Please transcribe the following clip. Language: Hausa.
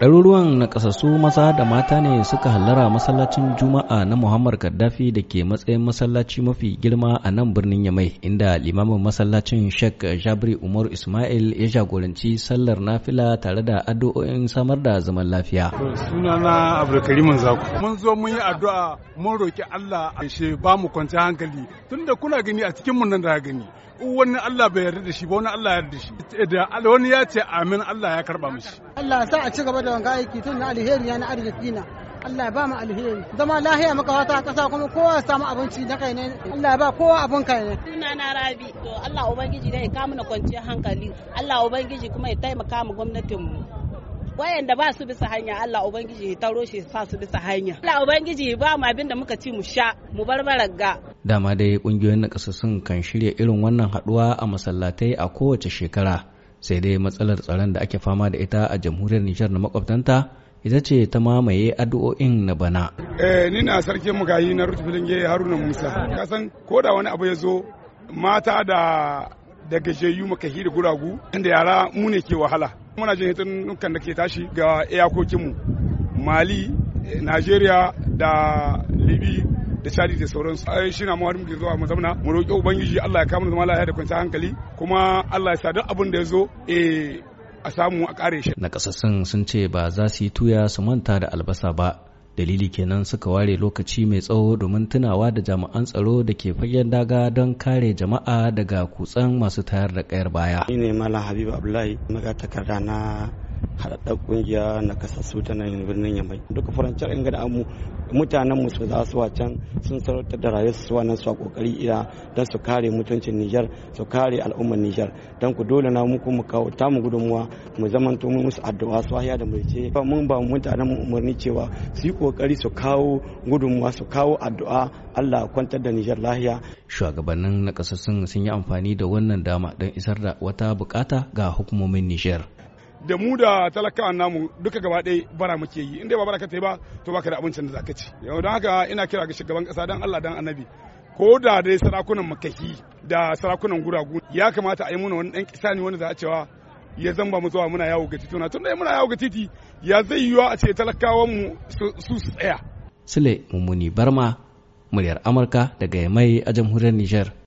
ɗaruruwan ƙasassu maza da mata ne suka hallara masallacin juma'a na muhammad gaddafi da ke matsayin masallaci mafi girma a nan birnin yamai inda limamin masallacin sheikh jabri umar ismail ya jagoranci sallar nafila tare da addu'o'in samar da zaman lafiya sunana abdulkarimin zaku mun zo mun yi addu'a mun roki allah a she ba mu kwanci hankali tunda kuna gani a cikin mun nan da gani wani allah bai yarda da shi ba wani allah ya yarda da shi wani ya ce amin allah ya karba mishi Allah sa a ci gaba da wanga aiki tun na alheri ya na arziki na Allah ya ba mu alheri zama lahiya muka wata kasa kuma kowa ya samu abinci na kai ne Allah ya ba kowa abin kai ne suna na rabi to Allah ubangiji ne ya kama na kwanciyar hankali Allah ubangiji kuma ya taimaka mu gwamnatin mu wayanda ba su bisa hanya Allah ubangiji ya taro shi sa su bisa hanya Allah ubangiji ba mu abin da muka ci mu sha mu barbarar ga dama dai kungiyoyin nakasassun kan shirya irin wannan haduwa a masallatai a kowace shekara sai dai matsalar tsaron da ake fama da ita a jamhuriyar nijar na makwabtanta ita ce ta mamaye addu'o'in na bana eh ni na sarkin mukayi na rutu filin haruna musa kasan ko da wani abu ya zo mata da da gajiyayyu makahi da guragu inda yara mu ne ke wahala muna jin hitin nukan da ke tashi ga iyakokinmu mali eh, najeriya da Libya. da Chadi da sauransu ai shi na mu har zuwa mu zauna mu roki ubangiji Allah ya mu zama lafiya da kwanciyar hankali kuma Allah ya sa duk abin da ya zo eh a samu a kare shi kasassun sun ce ba za su yi tuya su manta da albasa ba dalili kenan suka ware lokaci mai tsawo domin tunawa da jami'an tsaro da ke fagen daga don kare jama'a daga kutsan masu tayar da kayar baya. Ni ne Malam Habibu Abdullahi, magatakarda na haɗaɗɗar ƙungiya na su ta nan birnin yamai duka farancar in gada mutanen mu su za su wacan sun sarauta da rayuwar su wannan su a ƙoƙari iya don su kare mutuncin nijar su kare al'ummar nijar don ku dole na muku mu kawo ta mu gudunmuwa mu zamanto mu musu addu'a su haya da mulce mun ba mutanen mu umarni cewa su yi kokari su kawo gudunmuwa su kawo addu'a Allah kwantar da nijar lahiya shugabannin na sun yi amfani da wannan dama don isar da wata bukata ga hukumomin nijar da mu da talakawan namu duka gaba ɗaya bara muke yi in dai ba bara ka ba to baka da abincin da zaka ci yau don haka ina kira ga shugaban kasa dan Allah dan annabi ko da dai sarakunan makahi da sarakunan guragu ya kamata a yi muna wani dan kisa ne wani za a cewa ya zamba mu zuwa muna yawo ga tituna da muna yawo ga titi ya zai yiwa a ce talakawan mu su tsaya sule mummuni barma muryar amurka daga yamai a jamhuriyar nijar.